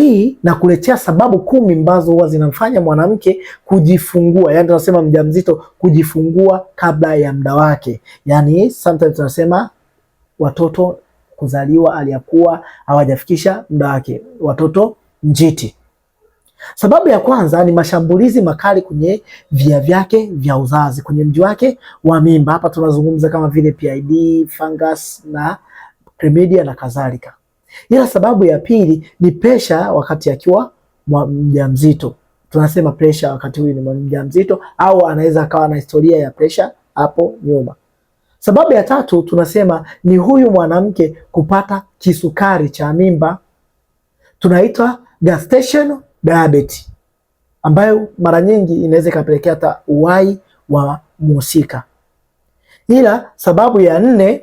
hii nakuletea sababu kumi ambazo huwa zinamfanya mwanamke kujifungua, yani tunasema mjamzito kujifungua kabla ya muda wake, yani sometimes tunasema watoto kuzaliwa aliyakuwa hawajafikisha muda wake, watoto njiti. Sababu ya kwanza ni mashambulizi makali kwenye via vyake vya uzazi, kwenye mji wake wa mimba. Hapa tunazungumza kama vile PID, fungus na chlamydia na kadhalika. Ila sababu ya pili ni presha wakati akiwa mjamzito. Tunasema presha wakati huyu ni mjamzito, au anaweza akawa na historia ya presha hapo nyuma. Sababu ya tatu tunasema ni huyu mwanamke kupata kisukari cha mimba, tunaitwa gestational diabetes, ambayo mara nyingi inaweza ikapelekea hata uwai wa mhusika. Ila sababu ya nne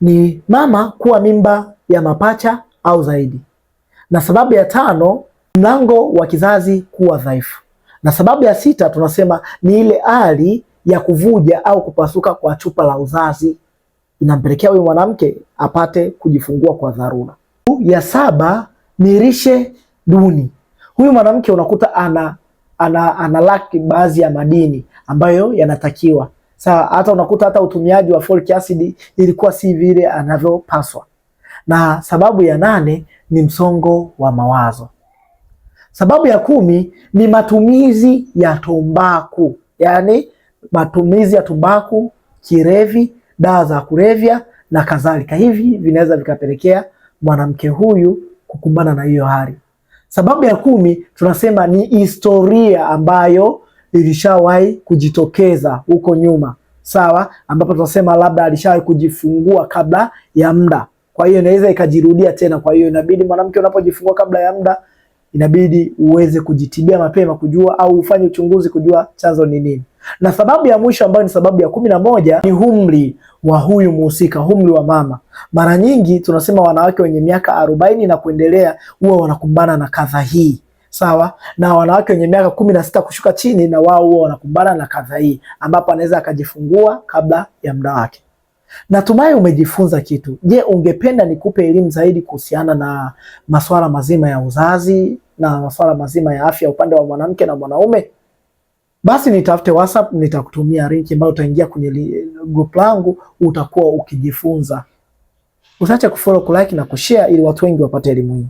ni mama kuwa mimba ya mapacha au zaidi. Na sababu ya tano, mlango wa kizazi kuwa dhaifu. Na sababu ya sita tunasema ni ile hali ya kuvuja au kupasuka kwa chupa la uzazi inampelekea huyu mwanamke apate kujifungua kwa dharura. Ya saba ni lishe duni. Huyu mwanamke unakuta ana ana, ana laki baadhi ya madini ambayo yanatakiwa. Sawa, hata unakuta hata utumiaji wa folic acid ilikuwa si vile anavyopaswa na sababu ya nane ni msongo wa mawazo. Sababu ya kumi ni matumizi ya tumbaku, yaani matumizi ya tumbaku, kirevi, dawa za kulevya na kadhalika. Hivi vinaweza vikapelekea mwanamke huyu kukumbana na hiyo hali. Sababu ya kumi tunasema ni historia ambayo ilishawahi kujitokeza huko nyuma, sawa, ambapo tunasema labda alishawahi kujifungua kabla ya muda kwa hiyo inaweza ikajirudia tena. Kwa hiyo inabidi mwanamke, unapojifungua kabla ya muda, inabidi uweze kujitibia mapema kujua, au ufanye uchunguzi kujua chanzo ni nini. Na sababu ya mwisho ambayo ni sababu ya kumi na moja ni umri wa huyu muhusika, umri wa mama. Mara nyingi tunasema wanawake wenye miaka arobaini na kuendelea huwa wanakumbana na kadha hii sawa na wanawake wenye miaka kumi na sita kushuka chini, na wao huwa wanakumbana na kadha hii, ambapo anaweza akajifungua kabla ya muda wake. Natumai umejifunza kitu. Je, ungependa nikupe elimu zaidi kuhusiana na masuala mazima ya uzazi na masuala mazima ya afya upande wa mwanamke na mwanaume? Basi nitafute WhatsApp, nitakutumia link ambayo utaingia kwenye group langu, utakuwa ukijifunza. Usiache kufollow, kulike na kushare ili watu wengi wapate elimu hii.